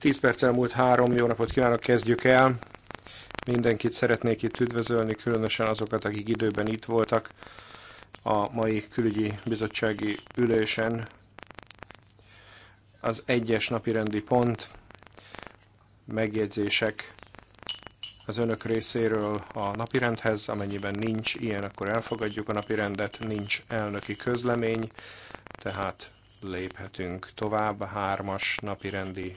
Tíz perc elmúlt három, jó napot kívánok, kezdjük el. Mindenkit szeretnék itt üdvözölni, különösen azokat, akik időben itt voltak a mai külügyi bizottsági ülésen. Az egyes napi rendi pont, megjegyzések, az önök részéről a napirendhez, amennyiben nincs ilyen, akkor elfogadjuk a napirendet, nincs elnöki közlemény, tehát léphetünk tovább. Hármas napirendi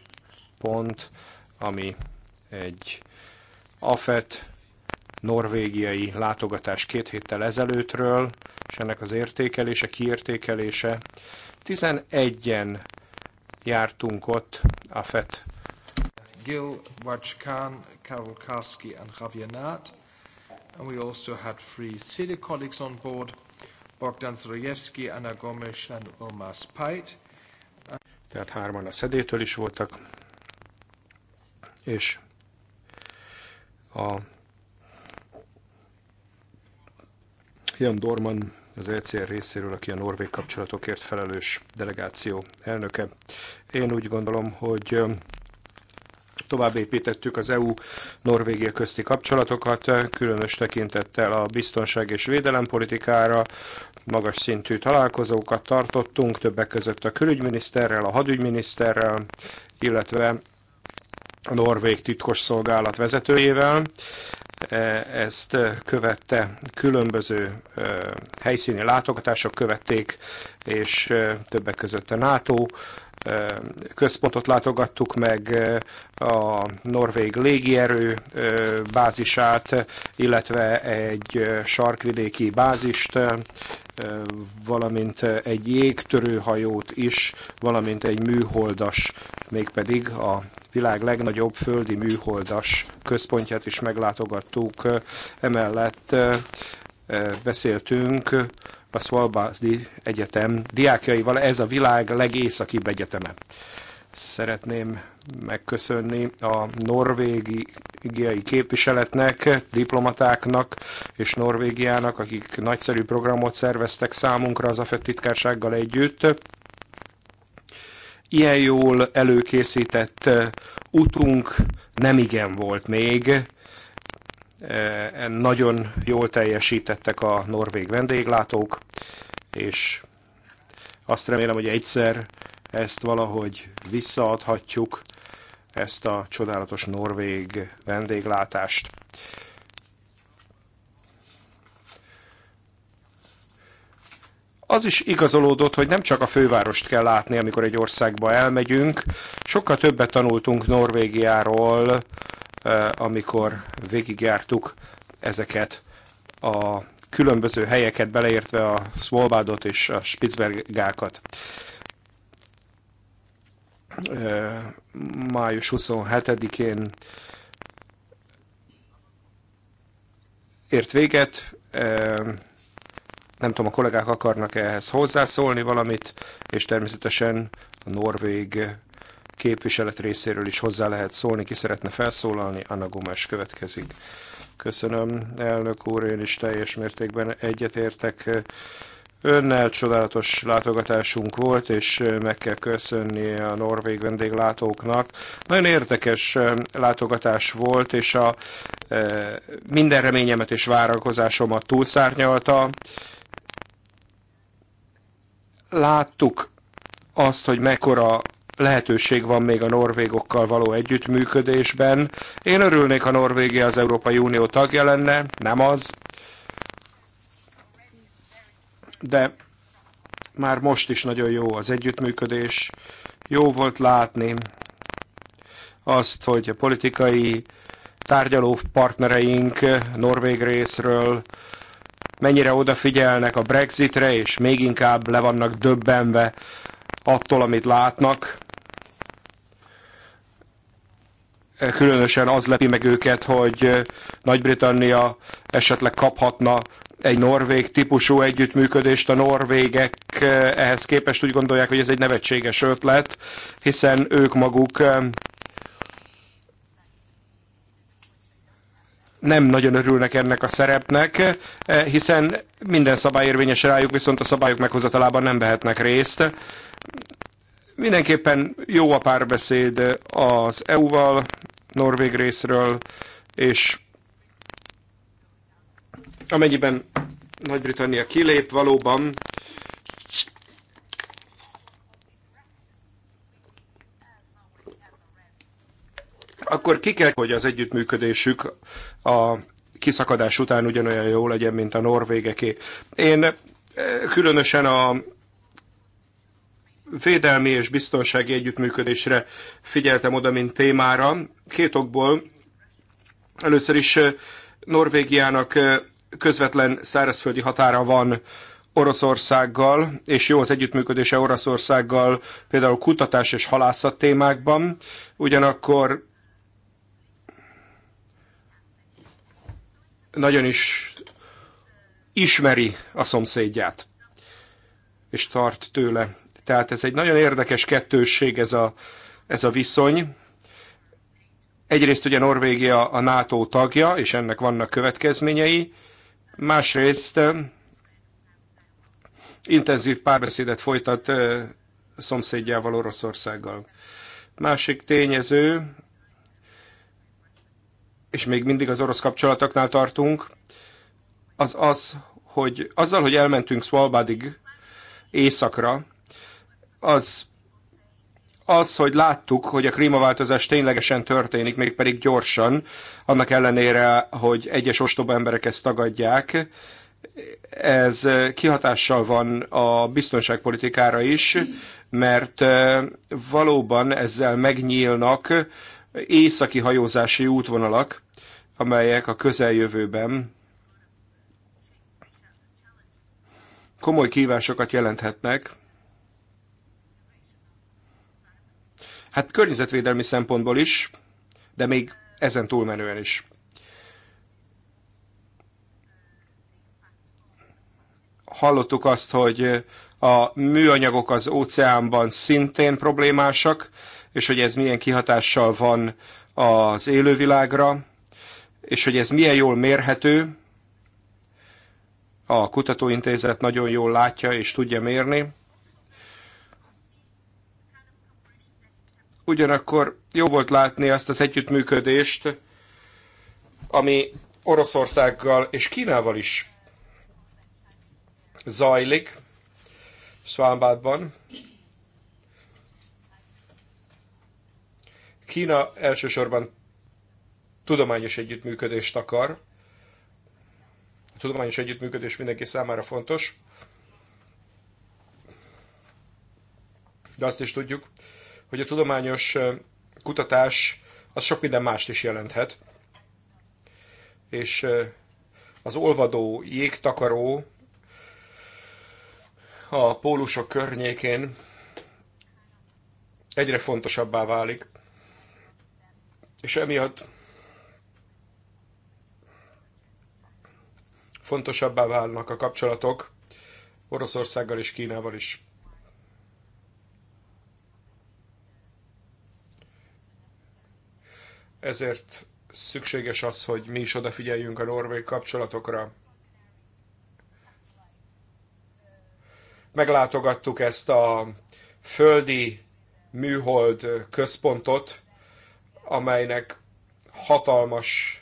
pont, ami egy AFET norvégiai látogatás két héttel ezelőttről, és ennek az értékelése, kiértékelése. 11-en jártunk ott AFET Gil, Waj Khan, Karol Karski and Javier Nart. And we also had three senior colleagues on board, Bogdan Zrojevski, Anna Gomes and Omar Spajt. Tehát hárman a szedétől is voltak, és a Jan Dorman az ECR részéről, aki a norvég kapcsolatokért felelős delegáció elnöke. Én úgy gondolom, hogy tovább építettük az EU-Norvégia közti kapcsolatokat, különös tekintettel a biztonság és védelempolitikára, magas szintű találkozókat tartottunk, többek között a külügyminiszterrel, a hadügyminiszterrel, illetve a norvég titkos szolgálat vezetőjével. E, ezt követte különböző e, helyszíni látogatások követték, és e, többek között a NATO központot látogattuk meg, a norvég légierő bázisát, illetve egy sarkvidéki bázist, valamint egy jégtörőhajót is, valamint egy műholdas, mégpedig a világ legnagyobb földi műholdas központját is meglátogattuk. Emellett beszéltünk a Szolbázdi Egyetem diákjaival. Ez a világ legészakibb egyeteme. Szeretném megköszönni a norvégiai képviseletnek, diplomatáknak és Norvégiának, akik nagyszerű programot szerveztek számunkra az AFET titkársággal együtt. Ilyen jól előkészített utunk nem igen volt még, Eh, nagyon jól teljesítettek a norvég vendéglátók, és azt remélem, hogy egyszer ezt valahogy visszaadhatjuk, ezt a csodálatos norvég vendéglátást. Az is igazolódott, hogy nem csak a fővárost kell látni, amikor egy országba elmegyünk, sokkal többet tanultunk Norvégiáról, Eh, amikor végigjártuk ezeket a különböző helyeket, beleértve a Svalbardot és a Spitzbergákat. Eh, május 27-én ért véget. Eh, nem tudom, a kollégák akarnak ehhez hozzászólni valamit, és természetesen a norvég képviselet részéről is hozzá lehet szólni, ki szeretne felszólalni, Anna Gomes következik. Köszönöm, elnök úr, én is teljes mértékben egyetértek önnel csodálatos látogatásunk volt, és meg kell köszönni a norvég vendéglátóknak. Nagyon érdekes eh, látogatás volt, és a eh, minden reményemet és várakozásomat túlszárnyalta. Láttuk azt, hogy mekkora lehetőség van még a norvégokkal való együttműködésben. Én örülnék, ha Norvégia az Európai Unió tagja lenne, nem az. De már most is nagyon jó az együttműködés. Jó volt látni azt, hogy a politikai tárgyaló partnereink Norvég részről mennyire odafigyelnek a Brexitre, és még inkább le vannak döbbenve attól, amit látnak. különösen az lepi meg őket, hogy Nagy-Britannia esetleg kaphatna egy norvég típusú együttműködést. A norvégek ehhez képest úgy gondolják, hogy ez egy nevetséges ötlet, hiszen ők maguk nem nagyon örülnek ennek a szerepnek, hiszen minden szabály érvényes rájuk, viszont a szabályok meghozatalában nem vehetnek részt. Mindenképpen jó a párbeszéd az EU-val, Norvég részről, és amennyiben Nagy-Britannia kilép, valóban akkor ki kell, hogy az együttműködésük a kiszakadás után ugyanolyan jó legyen, mint a norvégeké. Én eh, különösen a védelmi és biztonsági együttműködésre figyeltem oda, mint témára. Két okból. Először is Norvégiának közvetlen szárazföldi határa van Oroszországgal, és jó az együttműködése Oroszországgal például kutatás és halászat témákban. Ugyanakkor nagyon is ismeri a szomszédját, és tart tőle tehát ez egy nagyon érdekes kettősség ez a, ez a viszony. Egyrészt ugye Norvégia a NATO tagja, és ennek vannak következményei, másrészt intenzív párbeszédet folytat szomszédjával Oroszországgal. Másik tényező, és még mindig az orosz kapcsolatoknál tartunk, az az, hogy azzal, hogy elmentünk Svalbardig északra, az, az, hogy láttuk, hogy a klímaváltozás ténylegesen történik, mégpedig gyorsan, annak ellenére, hogy egyes ostoba emberek ezt tagadják, ez kihatással van a biztonságpolitikára is, mert valóban ezzel megnyílnak északi hajózási útvonalak, amelyek a közeljövőben komoly kívásokat jelenthetnek Hát környezetvédelmi szempontból is, de még ezen túlmenően is. Hallottuk azt, hogy a műanyagok az óceánban szintén problémásak, és hogy ez milyen kihatással van az élővilágra, és hogy ez milyen jól mérhető, a kutatóintézet nagyon jól látja és tudja mérni. Ugyanakkor jó volt látni azt az együttműködést, ami Oroszországgal és Kínával is zajlik, Svalbardban. Kína elsősorban tudományos együttműködést akar. A tudományos együttműködés mindenki számára fontos. De azt is tudjuk, hogy a tudományos kutatás az sok minden mást is jelenthet. És az olvadó jégtakaró a pólusok környékén egyre fontosabbá válik. És emiatt fontosabbá válnak a kapcsolatok Oroszországgal és Kínával is. Ezért szükséges az, hogy mi is odafigyeljünk a norvég kapcsolatokra. Meglátogattuk ezt a földi műhold központot, amelynek hatalmas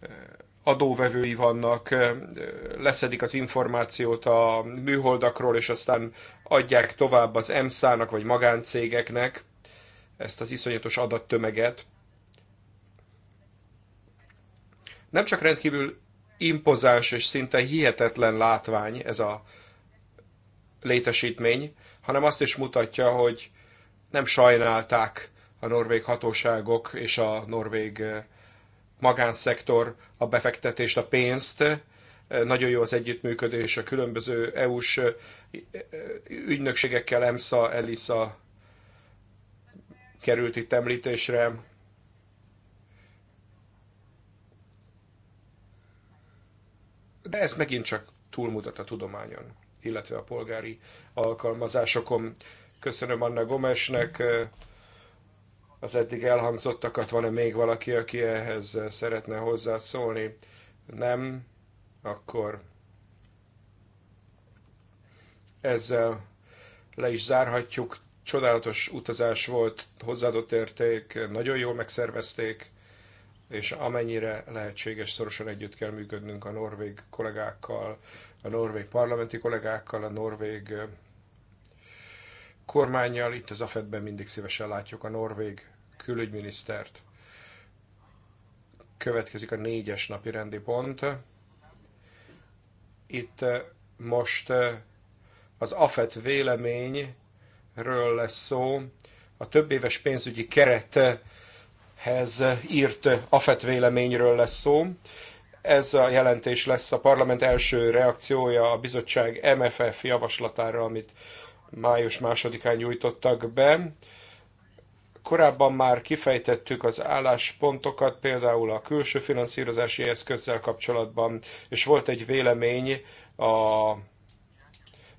eh, adóvevői vannak, eh, leszedik az információt a műholdakról, és aztán adják tovább az EMSZ-nak vagy magáncégeknek ezt az iszonyatos adattömeget. Nem csak rendkívül impozáns és szinte hihetetlen látvány ez a létesítmény, hanem azt is mutatja, hogy nem sajnálták a norvég hatóságok és a norvég eh, magánszektor a befektetést, a pénzt. Eh, nagyon jó az együttműködés a különböző EU-s eh, ügynökségekkel, EMSA, ELISA, került itt említésre. De ez megint csak túlmutat a tudományon, illetve a polgári alkalmazásokon. Köszönöm Anna Gomesnek az eddig elhangzottakat. Van-e még valaki, aki ehhez szeretne hozzászólni? Nem? Akkor ezzel le is zárhatjuk csodálatos utazás volt, hozzáadott érték, nagyon jól megszervezték, és amennyire lehetséges, szorosan együtt kell működnünk a norvég kollégákkal, a norvég parlamenti kollégákkal, a norvég kormányjal. Itt az AFED-ben mindig szívesen látjuk a norvég külügyminisztert. Következik a négyes napi rendi pont. Itt most az AFET vélemény ről lesz szó. A több éves pénzügyi kerethez írt AFET véleményről lesz szó. Ez a jelentés lesz a parlament első reakciója a bizottság MFF javaslatára, amit május másodikán nyújtottak be. Korábban már kifejtettük az álláspontokat, például a külső finanszírozási eszközzel kapcsolatban, és volt egy vélemény a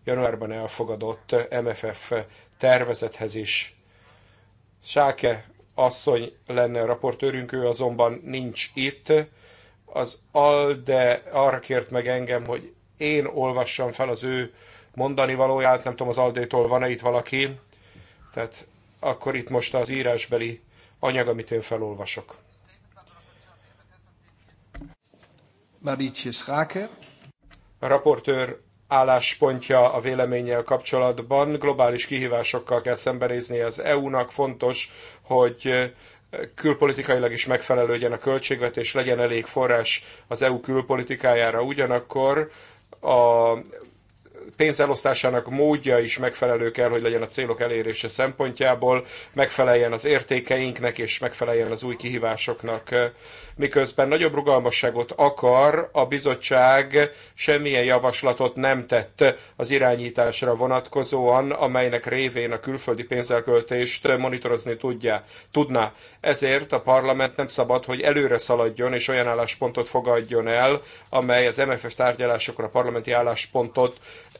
januárban elfogadott MFF tervezethez is. Sáke asszony lenne a raportőrünk, ő azonban nincs itt. Az ALDE arra kért meg engem, hogy én olvassam fel az ő mondani valóját, nem tudom, az Aldétól van-e itt valaki, tehát akkor itt most az írásbeli anyag, amit én felolvasok. Marietje Schaake. A raportőr álláspontja a véleménnyel kapcsolatban. Globális kihívásokkal kell szembenézni az EU-nak. Fontos, hogy külpolitikailag is megfelelődjen a költségvetés, legyen elég forrás az EU külpolitikájára. Ugyanakkor a pénz elosztásának módja is megfelelő kell, hogy legyen a célok elérése szempontjából, megfeleljen az értékeinknek és megfeleljen az új kihívásoknak. Miközben nagyobb rugalmasságot akar, a bizottság semmilyen javaslatot nem tett az irányításra vonatkozóan, amelynek révén a külföldi pénzelköltést monitorozni tudja, tudná. Ezért a parlament nem szabad, hogy előre szaladjon és olyan álláspontot fogadjon el, amely az MFF tárgyalásokra a parlamenti álláspontot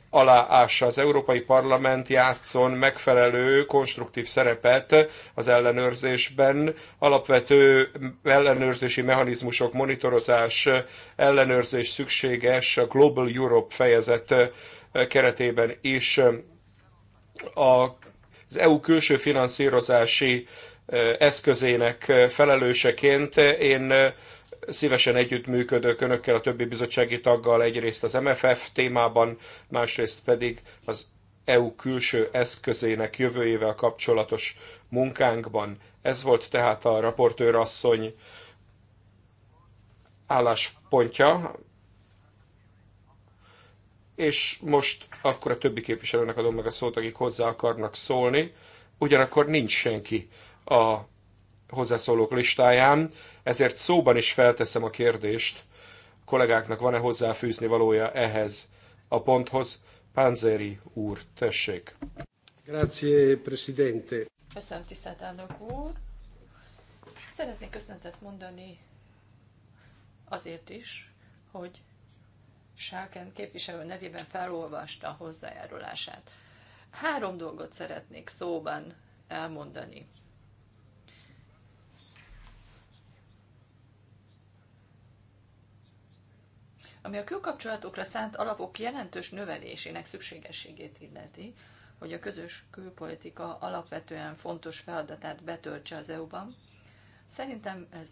aláássa. Az Európai Parlament játszon megfelelő, konstruktív szerepet az ellenőrzésben. Alapvető ellenőrzési mechanizmusok, monitorozás, ellenőrzés szükséges a Global Europe fejezet eh, keretében is. Az EU külső finanszírozási eh, eszközének eh, felelőseként én szívesen együttműködök önökkel, a többi bizottsági taggal egyrészt az MFF témában, másrészt pedig az EU külső eszközének jövőjével kapcsolatos munkánkban. Ez volt tehát a raportőr asszony álláspontja, és most akkor a többi képviselőnek adom meg a szót, akik hozzá akarnak szólni. Ugyanakkor nincs senki a hozzászólók listáján, ezért szóban is felteszem a kérdést, a kollégáknak van-e hozzáfűzni valója ehhez a ponthoz. Panzeri úr, tessék. Grazie, Presidente. Köszönöm, tisztelt elnök úr. Szeretnék köszöntet mondani azért is, hogy Sáken képviselő nevében felolvasta a hozzájárulását. Három dolgot szeretnék szóban elmondani. ami a külkapcsolatokra szánt alapok jelentős növelésének szükségességét illeti, hogy a közös külpolitika alapvetően fontos feladatát betöltse az EU-ban. Szerintem ez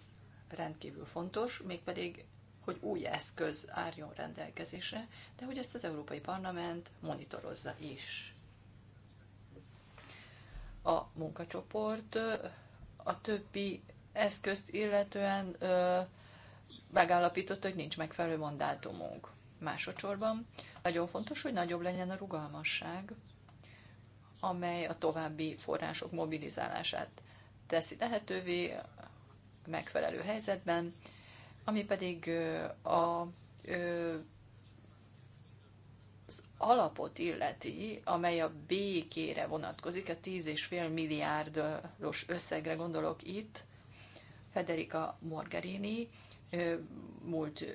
rendkívül fontos, mégpedig, hogy új eszköz álljon rendelkezésre, de hogy ezt az Európai Parlament monitorozza is. A munkacsoport a többi eszközt illetően megállapította, hogy nincs megfelelő mandátumunk. Másodszorban nagyon fontos, hogy nagyobb legyen a rugalmasság, amely a további források mobilizálását teszi lehetővé megfelelő helyzetben, ami pedig a, az alapot illeti, amely a békére vonatkozik, a 10,5 milliárdos összegre gondolok itt, Federica Morgherini, múlt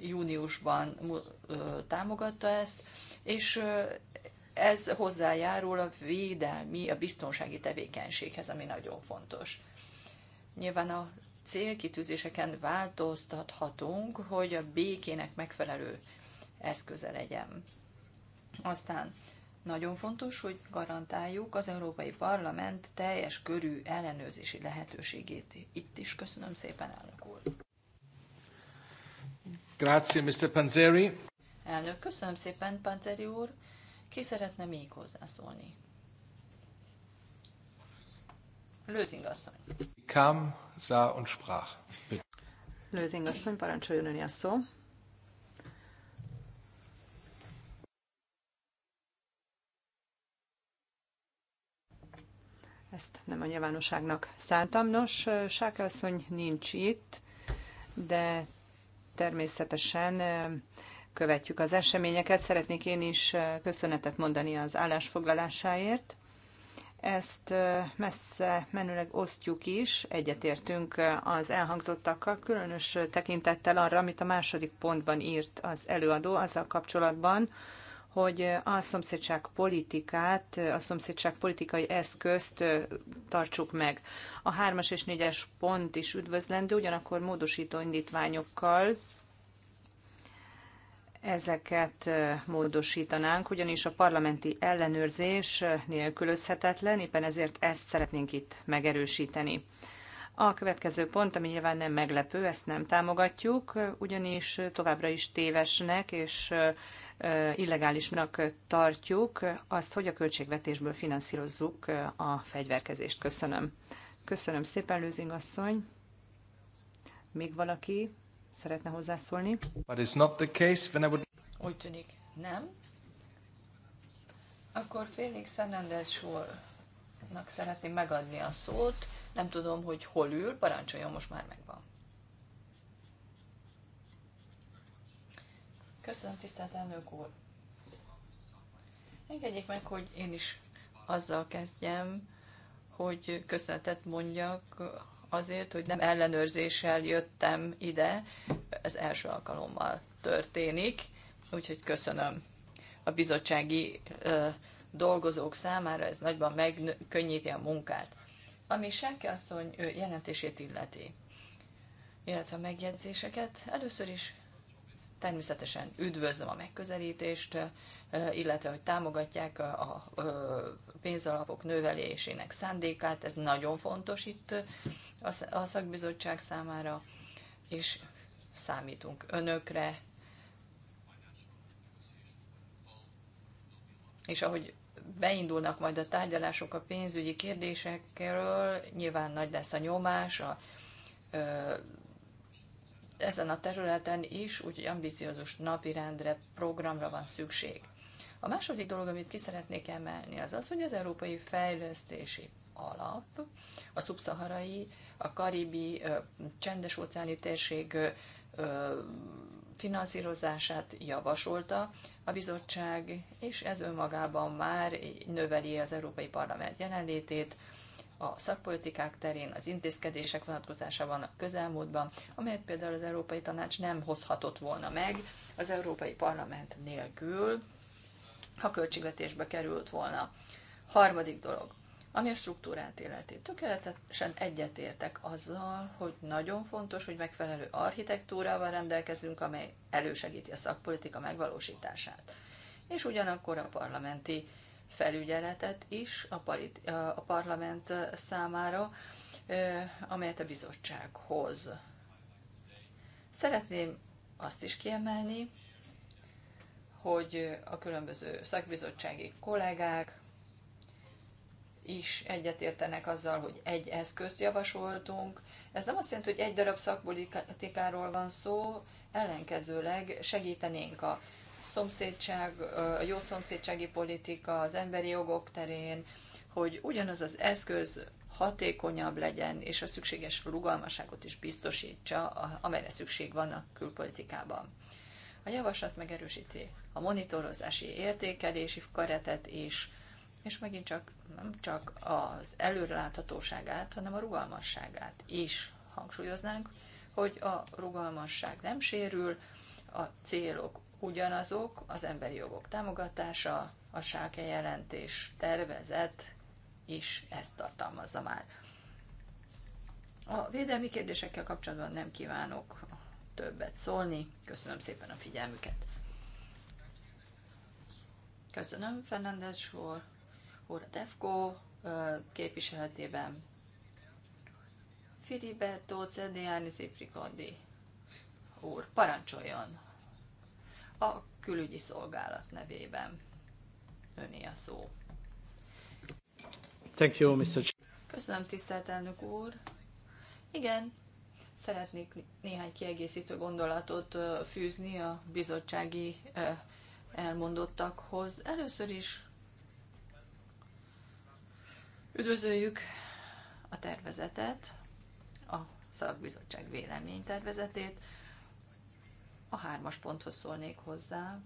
júniusban támogatta ezt, és ez hozzájárul a védelmi, a biztonsági tevékenységhez, ami nagyon fontos. Nyilván a célkitűzéseken változtathatunk, hogy a békének megfelelő eszköze legyen. Aztán nagyon fontos, hogy garantáljuk az Európai Parlament teljes körű ellenőrzési lehetőségét. Itt is köszönöm szépen, elnök úr. Grazie, Mr. Panzeri. Elnök, köszönöm szépen, Panzeri úr. Ki szeretne még hozzászólni? Lőzing asszony. Kam, sa und sprach. Lőzing asszony, parancsoljon önni a szó. Ezt nem a nyilvánosságnak szántam. Nos, Sáka asszony nincs itt, de természetesen követjük az eseményeket. Szeretnék én is köszönetet mondani az állásfoglalásáért. Ezt messze menőleg osztjuk is, egyetértünk az elhangzottakkal, különös tekintettel arra, amit a második pontban írt az előadó azzal kapcsolatban, hogy a szomszédság politikát, a szomszédság politikai eszközt tartsuk meg. A hármas és négyes pont is üdvözlendő, ugyanakkor módosító indítványokkal ezeket módosítanánk, ugyanis a parlamenti ellenőrzés nélkülözhetetlen, éppen ezért ezt szeretnénk itt megerősíteni. A következő pont, ami nyilván nem meglepő, ezt nem támogatjuk, ugyanis továbbra is tévesnek és illegálisnak tartjuk azt, hogy a költségvetésből finanszírozzuk a fegyverkezést. Köszönöm. Köszönöm szépen, Lőzing asszony. Még valaki szeretne hozzászólni? But it's not the case, when I would... Úgy tűnik, nem. Akkor Félix Fernández Sólnak szeretném megadni a szót nem tudom, hogy hol ül, parancsoljon, most már megvan. Köszönöm, tisztelt elnök úr. Engedjék meg, hogy én is azzal kezdjem, hogy köszönetet mondjak azért, hogy nem ellenőrzéssel jöttem ide, ez első alkalommal történik, úgyhogy köszönöm a bizottsági ö, dolgozók számára, ez nagyban megkönnyíti a munkát. Ami Senki asszony jelentését illeti, illetve a megjegyzéseket, először is természetesen üdvözlöm a megközelítést, illetve hogy támogatják a pénzalapok növelésének szándékát, ez nagyon fontos itt a szakbizottság számára, és számítunk önökre, és ahogy beindulnak majd a tárgyalások a pénzügyi kérdésekről, nyilván nagy lesz a nyomás a, ö, ezen a területen is, úgyhogy ambiciózus napirendre, programra van szükség. A második dolog, amit ki szeretnék emelni, az az, hogy az Európai Fejlesztési Alap, a szubszaharai, a karibi, csendes-óceáni térség ö, finanszírozását javasolta a bizottság, és ez önmagában már növeli az Európai Parlament jelenlétét a szakpolitikák terén, az intézkedések vonatkozásában a közelmúltban, amelyet például az Európai Tanács nem hozhatott volna meg az Európai Parlament nélkül, ha költségvetésbe került volna. Harmadik dolog. Ami a struktúrát illeti, tökéletesen egyetértek azzal, hogy nagyon fontos, hogy megfelelő architektúrával rendelkezünk, amely elősegíti a szakpolitika megvalósítását. És ugyanakkor a parlamenti felügyeletet is a, a parlament számára, amelyet a bizottság hoz. Szeretném azt is kiemelni, hogy a különböző szakbizottsági kollégák is egyetértenek azzal, hogy egy eszközt javasoltunk. Ez nem azt jelenti, hogy egy darab szakpolitikáról van szó, ellenkezőleg segítenénk a szomszédság, a jó szomszédsági politika, az emberi jogok terén, hogy ugyanaz az eszköz hatékonyabb legyen, és a szükséges rugalmasságot is biztosítsa, amelyre szükség van a külpolitikában. A javaslat megerősíti a monitorozási értékelési keretet és és megint csak nem csak az előreláthatóságát, hanem a rugalmasságát is hangsúlyoznánk, hogy a rugalmasság nem sérül, a célok ugyanazok, az emberi jogok támogatása, a sáke jelentés tervezet is ezt tartalmazza már. A védelmi kérdésekkel kapcsolatban nem kívánok többet szólni. Köszönöm szépen a figyelmüket. Köszönöm, Fernandes úr úr a DEFCO képviseletében. Filiberto Cediani Ziprikondi úr, parancsoljon a külügyi szolgálat nevében. Öné a szó. Thank you, Mr. Köszönöm, tisztelt elnök úr. Igen, szeretnék néhány kiegészítő gondolatot fűzni a bizottsági elmondottakhoz. Először is Üdvözöljük a tervezetet, a szakbizottság véleménytervezetét. A hármas ponthoz szólnék hozzá,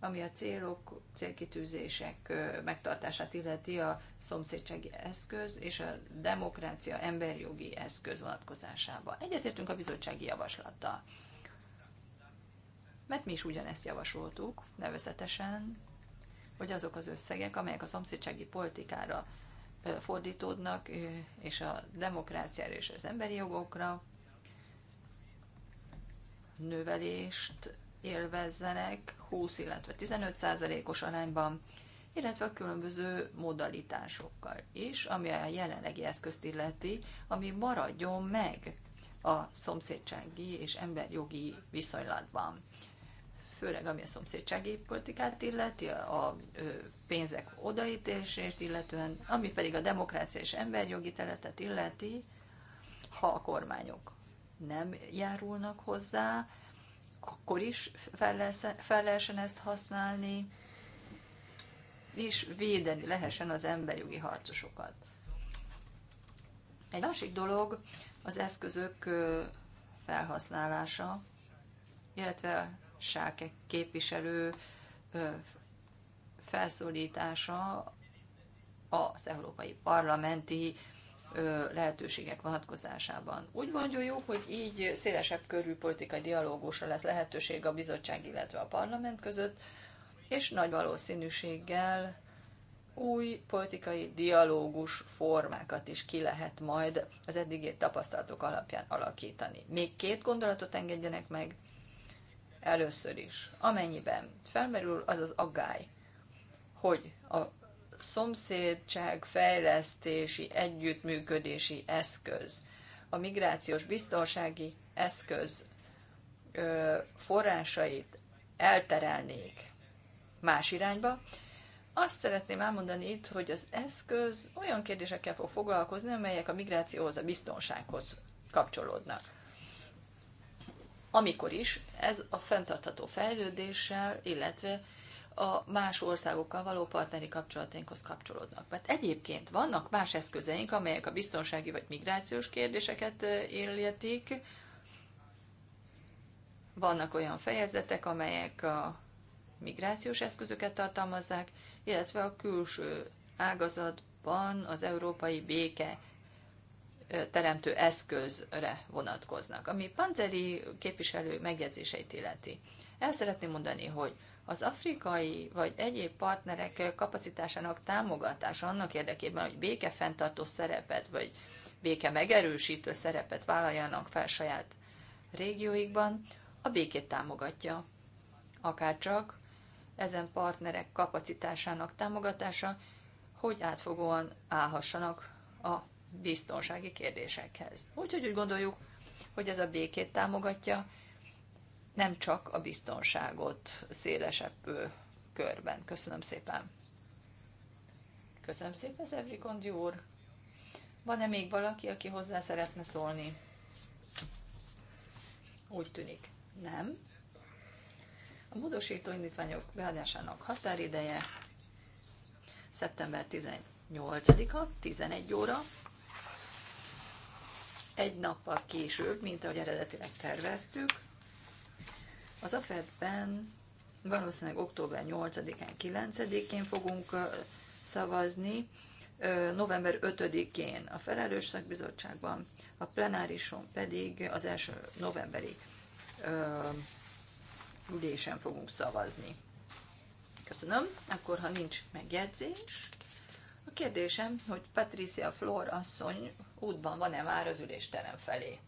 ami a célok, célkitűzések megtartását illeti a szomszédsági eszköz és a demokrácia emberjogi eszköz vonatkozásába. Egyetértünk a bizottsági javaslattal. Mert mi is ugyanezt javasoltuk, nevezetesen, hogy azok az összegek, amelyek a szomszédsági politikára fordítódnak, és a demokráciára és az emberi jogokra növelést élvezzenek 20, illetve 15 százalékos arányban, illetve a különböző modalitásokkal is, ami a jelenlegi eszközt illeti, ami maradjon meg a szomszédsági és emberjogi viszonylatban főleg ami a szomszédsági politikát illeti, a pénzek odaítését illetően, ami pedig a demokrácia és emberjogi területet illeti, ha a kormányok nem járulnak hozzá, akkor is fel lehessen ezt használni, és védeni lehessen az emberjogi harcosokat. Egy másik dolog az eszközök felhasználása, illetve Sáke képviselő felszólítása az Európai Parlamenti lehetőségek vonatkozásában. Úgy gondoljuk, hogy így szélesebb körű politikai dialógusra lesz lehetőség a bizottság, illetve a parlament között, és nagy valószínűséggel új politikai dialógus formákat is ki lehet majd az eddigi tapasztalatok alapján alakítani. Még két gondolatot engedjenek meg – először is, amennyiben felmerül az az aggály, hogy a szomszédság fejlesztési, együttműködési eszköz, a migrációs biztonsági eszköz forrásait elterelnék más irányba, azt szeretném elmondani itt, hogy az eszköz olyan kérdésekkel fog foglalkozni, amelyek a migrációhoz, a biztonsághoz kapcsolódnak amikor is ez a fenntartható fejlődéssel, illetve a más országokkal való partneri kapcsolatainkhoz kapcsolódnak. Mert egyébként vannak más eszközeink, amelyek a biztonsági vagy migrációs kérdéseket illetik. Vannak olyan fejezetek, amelyek a migrációs eszközöket tartalmazzák, illetve a külső ágazatban az európai béke teremtő eszközre vonatkoznak, ami Panzeri képviselő megjegyzéseit illeti. El szeretném mondani, hogy az afrikai vagy egyéb partnerek kapacitásának támogatása annak érdekében, hogy fenntartó szerepet vagy béke megerősítő szerepet vállaljanak fel saját régióikban, a békét támogatja. Akárcsak ezen partnerek kapacitásának támogatása, hogy átfogóan állhassanak a biztonsági kérdésekhez. Úgyhogy úgy gondoljuk, hogy ez a békét támogatja, nem csak a biztonságot szélesebb körben. Köszönöm szépen. Köszönöm szépen, Zevri Gondi úr. Van-e még valaki, aki hozzá szeretne szólni? Úgy tűnik. Nem. A módosító indítványok beadásának határideje szeptember 18-a, 11 óra egy nappal később, mint ahogy eredetileg terveztük. Az AFED-ben valószínűleg október 8-án, 9-én fogunk szavazni, november 5-én a felelős szakbizottságban, a plenárison pedig az első novemberi ülésen fogunk szavazni. Köszönöm. Akkor, ha nincs megjegyzés, a kérdésem, hogy Patricia Flor asszony útban van-e már az ülésterem felé?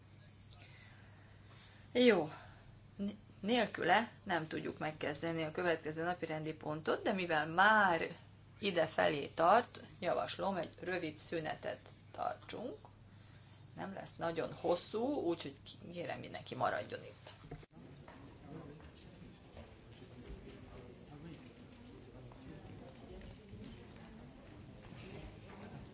Jó, nélküle nem tudjuk megkezdeni a következő napi rendi pontot, de mivel már ide felé tart, javaslom, egy rövid szünetet tartsunk. Nem lesz nagyon hosszú, úgyhogy kérem mindenki maradjon itt.